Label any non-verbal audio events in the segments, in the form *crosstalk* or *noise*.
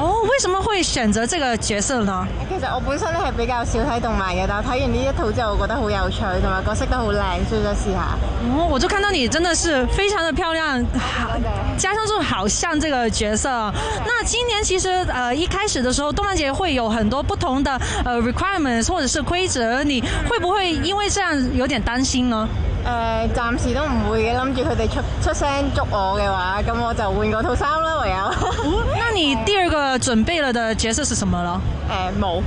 哦、oh，為什麼會選擇這個角色呢？其實我本身呢係比較少睇動漫嘅，但係睇完呢一套之後，我覺得好有趣，同埋角色都好靚，所以就試下。哦、oh，我就看到你真的是非常的漂亮，加上就好像這個角色。Okay. 那今年其實，呃一開始的時候，動漫節會有很多不同的呃 requirements，或者是規則，你會不會因為這樣有點擔心呢？誒、呃，暫時都唔會嘅。諗住佢哋出出聲捉我嘅話，咁我就換個套衫啦，唯有、 *laughs* 哦。那你第二個準備了的角色是什麼咯？誒、呃，冇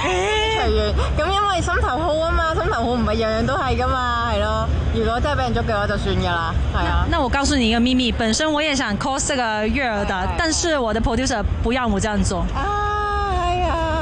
隨緣。咁 *laughs* 因為心頭好啊嘛，心頭好唔係樣樣都係噶嘛，係咯。如果真係畀人捉嘅話，就算噶啦。係啊那。那我告訴你一個秘密，本身我也想 call 個月兒的，但是我的 producer 不讓我這樣做。啊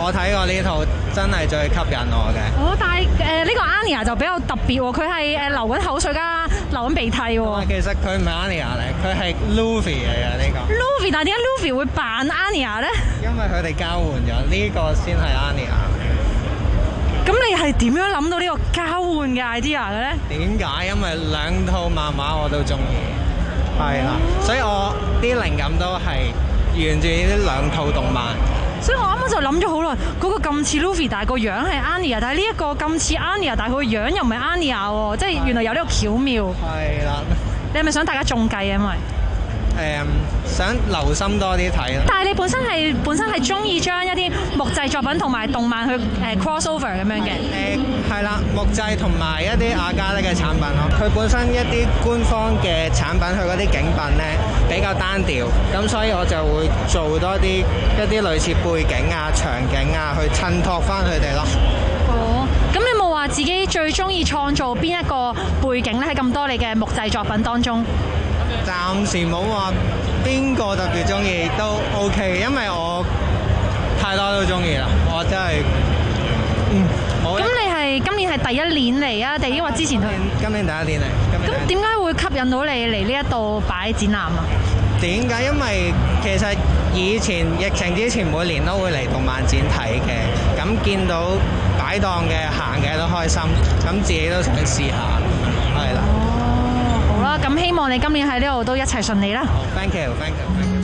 我睇過呢套真係最吸引我嘅。哦，但係誒呢個 Anya 就比較特別喎，佢係誒流緊口水噶，流緊鼻涕喎。其實佢唔係 Anya 嚟，佢係 Luffy 嚟嘅呢個。Luffy，但係點解 Luffy 會扮 Anya 咧？因為佢哋交換咗，呢個先係 Anya。咁你係點樣諗到呢個交換嘅 idea 嘅咧？點解？因為兩套漫畫我都中意，係、哦、啦，所以我啲靈感都係源自呢兩套動漫。所以我啱啱就諗咗好耐，嗰個咁似 Luffy，但係個樣係 Anya，但係呢一個咁似 Anya，但係佢個樣又唔係 Anya 喎，即係原來有呢個巧妙。係啦。你係咪想大家中計啊？因為，誒想留心多啲睇咯。但係你本身係本身係中意將一啲木製作品同埋動漫去 crossover 咁樣嘅？誒係啦，木製同埋一啲亞加力嘅產品咯。佢本身一啲官方嘅產品，佢嗰啲景品呢，比較單調，咁所以我就會做多啲一啲類似背景啊、場景啊去襯托翻佢哋咯。哦，咁你冇話自己最中意創造邊一個背景呢？喺咁多你嘅木製作品當中。暫時冇話邊個特別中意都 O、OK, K，因為我太多都中意啦，我真係嗯。咁你係今年係第一年嚟啊？定抑或之前？今年第一年嚟。咁點解會吸引到你嚟呢一度擺展覽啊？點解？因為其實以前疫情之前每年都會嚟動漫展睇嘅，咁見到擺檔嘅行嘅都開心，咁自己都想試下，係、嗯、啦。咁希望你今年喺呢度都一齊順利啦。Thank you, thank you, thank you。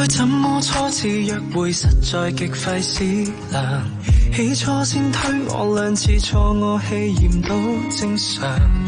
該怎麼初次約會，實在極費事。起初先推我兩次錯，我氣憤都正常。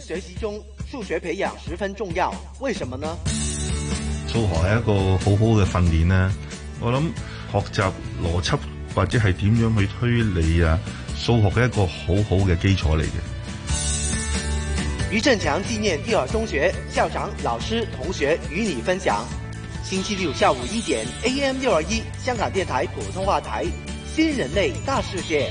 學習中，數學培養十分重要。為什麼呢？數學係一個好好嘅訓練呢，我諗學習邏輯或者係點樣去推理啊，數學嘅一個好好嘅基礎嚟嘅。余振強紀念第二中學校長、老師、同學與你分享。星期六下午一點，AM 六二一，AM621，香港電台普通話台，《新人類大世界》。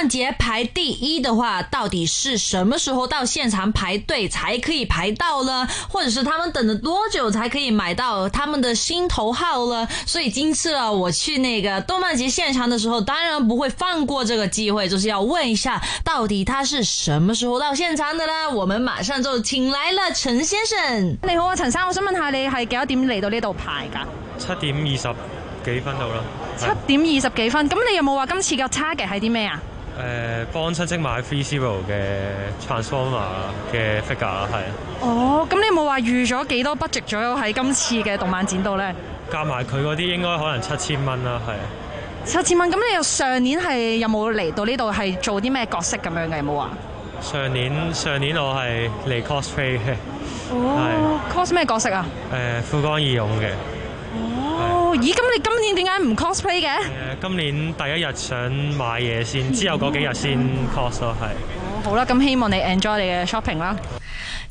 漫節排第一的話，到底是什麼時候到現場排隊才可以排到呢？或者是他們等了多久才可以買到他們的心頭號呢？所以今次啊，我去那個動漫節現場的時候，當然不會放過這個機會，就是要問一下，到底他是什麼時候到現場的呢？我們馬上就請來了陳先生。你好，陳生，我想問下你，係幾多點嚟到呢度排噶？七點二十幾分到啦。七點二十幾分？咁你有冇話今次個差嘅係啲咩啊？誒幫親戚買 Three Zero 嘅 Transformer 嘅 figure 係。哦，咁你冇話預咗幾多 budget 左右喺今次嘅動漫展度咧？夾埋佢嗰啲應該可能七千蚊啦，係。七千蚊，咁你又上年係有冇嚟到呢度係做啲咩角色咁樣嘅有冇話？上年，上年我係嚟 cosplay 嘅。哦，cos 咩角色啊？誒、呃，富岡義勇嘅。哦、咦，咁你今年點解唔 cosplay 嘅？今年第一日想買嘢先，之後嗰幾日先 cos 咯，係 *music* 。好啦，咁希望你 enjoy 你嘅 shopping 啦。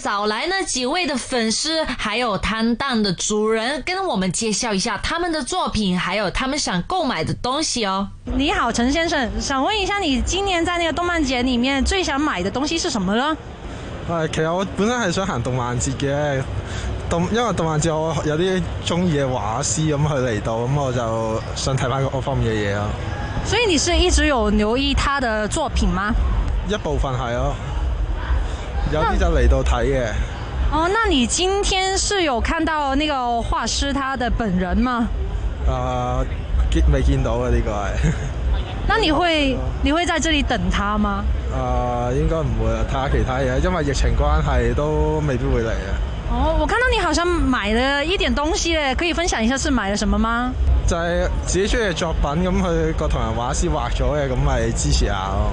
找來呢幾位的粉絲，還有攤檔的主人，跟我們介紹一下他們的作品，還有他們想購買的東西哦。你好，陳先生，想問一下，你今年在那個動漫節裏面最想買的東西是什麼呢？啊，其實我本身係想行動漫節嘅動，因為動漫節我有啲中意嘅畫師咁去嚟到，咁我就想睇翻嗰方面嘅嘢咯。所以，你是一直有留意他的作品嗎？一部分係咯、哦。有啲就嚟到睇嘅。哦，那你今天是有看到那個畫師他的本人嗎？啊、呃，見未見到啊？呢、這個係。 *laughs* 那你會 *laughs* 你會在這裏等他嗎？啊、呃，應該唔會啊。睇下其他嘢，因為疫情關係都未必會嚟啊。哦，我看到你好像買了一點東西咧，可以分享一下是買了什麼嗎？就係、是、自己中意嘅作品咁去個同人畫師畫咗嘅，咁咪支持下咯。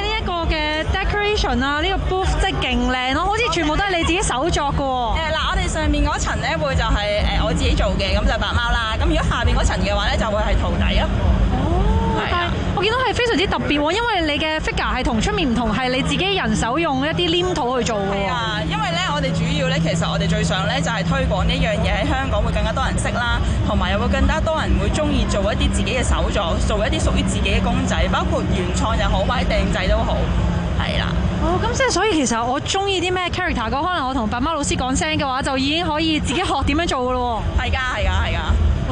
啊，呢個 booth 即係勁靚咯，好似全部都係你自己手作嘅喎。嗱，我哋上面嗰層咧會就係誒我自己做嘅，咁就白貓啦。咁如果下邊嗰層嘅話咧，就會係徒弟一哦、oh，啊，我見到係非常之特別喎，因為你嘅 figure 係同出面唔同，係你自己人手用一啲黏土去做喎。啊，因為咧我哋主要咧其實我哋最想咧就係推廣一樣嘢喺香港會更加多人識啦，同埋又會更加多人會中意做一啲自己嘅手作，做一啲屬於自己嘅公仔，包括原創又好或者訂製都好。係啦，哦，咁即係所以，其實我中意啲咩 character，可能我同爸媽老師講聲嘅話，就已經可以自己學點樣做噶咯。係噶，係噶，係噶。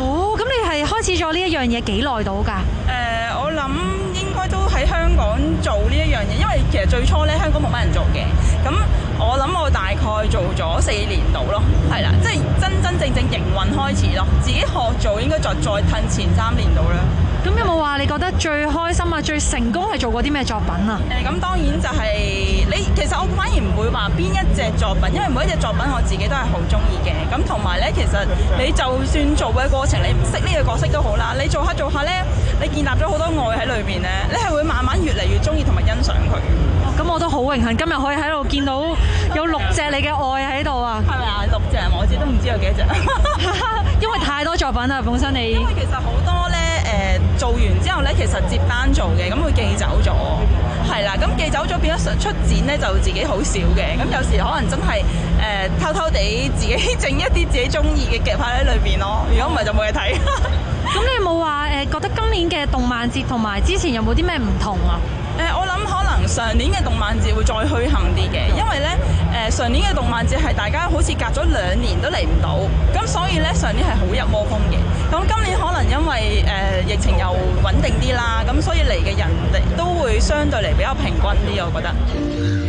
哦，咁你係開始咗呢一樣嘢幾耐到噶？誒、呃，我諗應該都喺香港做呢一樣嘢，因為其實最初咧香港冇乜人做嘅。咁我諗我大概做咗四年到咯。係啦，即係真真正正營運開始咯，自己學做應該再再褪前三年到啦。咁有冇話你覺得最開心啊、最成功係做過啲咩作品啊？誒、呃，咁當然就係、是、你，其實我反而唔會話邊一隻作品，因為每一隻作品我自己都係好中意嘅。咁同埋呢，其實你就算做嘅過程，你唔識呢個角色都好啦，你做下做下呢，你建立咗好多愛喺裏面呢，你係會慢慢越嚟越中意同埋欣賞佢。咁、哦、我都好榮幸今日可以喺度見到有六隻你嘅愛喺度啊！係咪啊？六隻我自己都唔知有幾多隻， *laughs* 因為太多作品啦，本身你其實好多。做完之後呢，其實接單做嘅，咁佢寄走咗，係啦，咁 *music* 寄走咗變咗出展呢，就自己好少嘅，咁有時可能真係、呃、偷偷地自己整一啲自己中意嘅劇喺裏面咯，如果唔係就冇嘢睇。咁你有冇話誒覺得今年嘅動漫節同埋之前有冇啲咩唔同啊？誒、呃，我諗可能上年嘅動漫節會再虛行啲嘅，因為呢，誒、呃、上年嘅動漫節係大家好似隔咗兩年都嚟唔到，咁所以呢，上年係好一窩蜂嘅。咁今年可能因為，呃，疫情又穩定啲啦，咁所以嚟嘅人都會相對嚟比較平均啲，我覺得。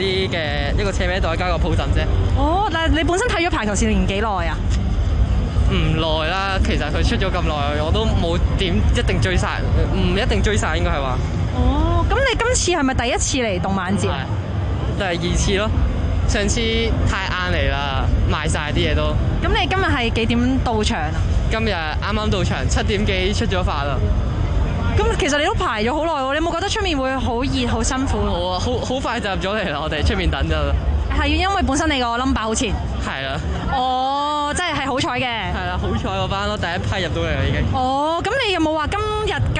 啲嘅一個車尾袋加個抱枕啫。哦，但係，你本身睇咗排球少年幾耐啊？唔耐啦，其實佢出咗咁耐，我都冇點一定追晒。唔一定追晒應該係話。哦，咁你今次係咪第一次嚟動漫節啊？第二次咯，上次太晏嚟啦，賣晒啲嘢都。咁你今日係幾點到場啊？今日啱啱到場，七點幾出咗發啦。咁其實你都排咗好耐喎，你有冇覺得出面會好熱、好辛苦好、啊很很？我好好快就入咗嚟啦，我哋出面等咗。係因為本身你個 number 好前、哦。係啦。哦，真係係好彩嘅。係啦，好彩我班咯，第一批入到嚟啦已經。哦，咁你有冇話今？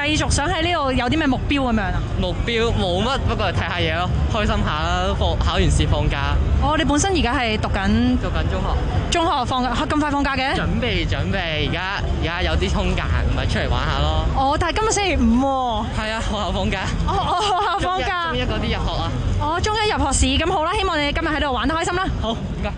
繼續想喺呢度有啲咩目標咁樣啊？目標冇乜，不過睇下嘢咯，開心下啦。放考完試放假。哦，你本身而家係讀緊讀緊中學，中學放咁快放假嘅？準備準備，而家而家有啲空隙，咪出嚟玩下咯。哦，但係今日星期五喎。哦。係啊，學校放假。哦哦，學校放假。中一嗰啲入學啊。哦，中一入學試，咁好啦，希望你今日喺度玩得開心啦。好，唔該。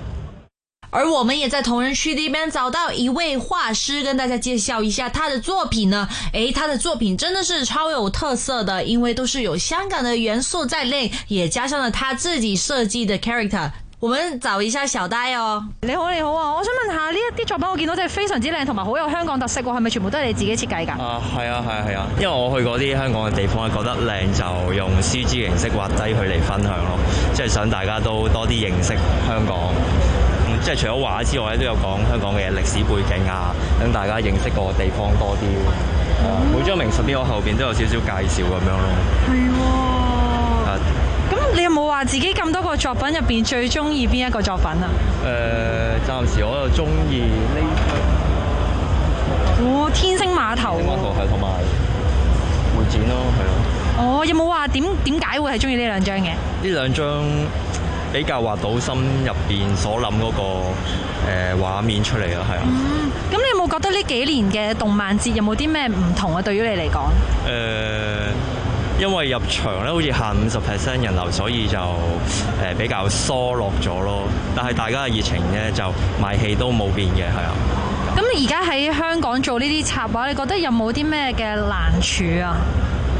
而我們也在同人區那邊找到一位畫師，跟大家介紹一下他的作品呢。哎，他的作品真的是超有特色的，因為都是有香港的元素在內，也加上了他自己設計的 character。我們找一下小呆哦。你好，你好啊！我想問下，呢一啲作品我見到真係非常之靚，同埋好有香港特色，係咪全部都係你自己設計噶？Uh, 係啊，係啊，係啊，係啊！因為我去過啲香港嘅地方，係覺得靚就用 CG 形式畫低佢嚟分享咯，即係想大家都多啲認識香港。即係除咗畫之外咧，都有講香港嘅歷史背景啊，等大家認識個地方多啲，哦。每張名畫啲，我後邊都有少少介紹咁樣咯。係咁、哦 uh, 你有冇話自己咁多個作品入邊最中意邊一個作品啊？誒、呃，暫時我又中意呢張。哦，天星碼頭。天星碼頭係同埋會展咯，係咯。哦，有冇話點點解會係中意呢兩張嘅？呢兩張。比較畫到心入邊所諗嗰個誒畫面出嚟咯，係啊。嗯，咁你有冇覺得呢幾年嘅動漫節有冇啲咩唔同啊，對於你嚟講？誒，因為入場咧好似下五十 percent 人流，所以就誒比較疏落咗咯。但係大家嘅熱情咧就賣氣都冇變嘅，係啊。咁你而家喺香港做呢啲插畫，你覺得有冇啲咩嘅難處啊？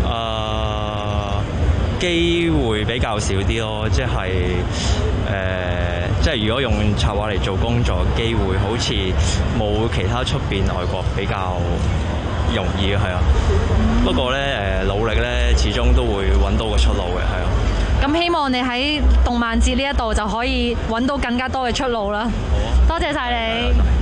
啊、呃！機會比較少啲咯，即係誒、呃，即係如果用插畫嚟做工作，機會好似冇其他出邊外國比較容易嘅，係啊。不過咧誒，努力咧始終都會揾到個出路嘅，係啊。咁希望你喺動漫節呢一度就可以揾到更加多嘅出路啦。好啊，多謝晒你。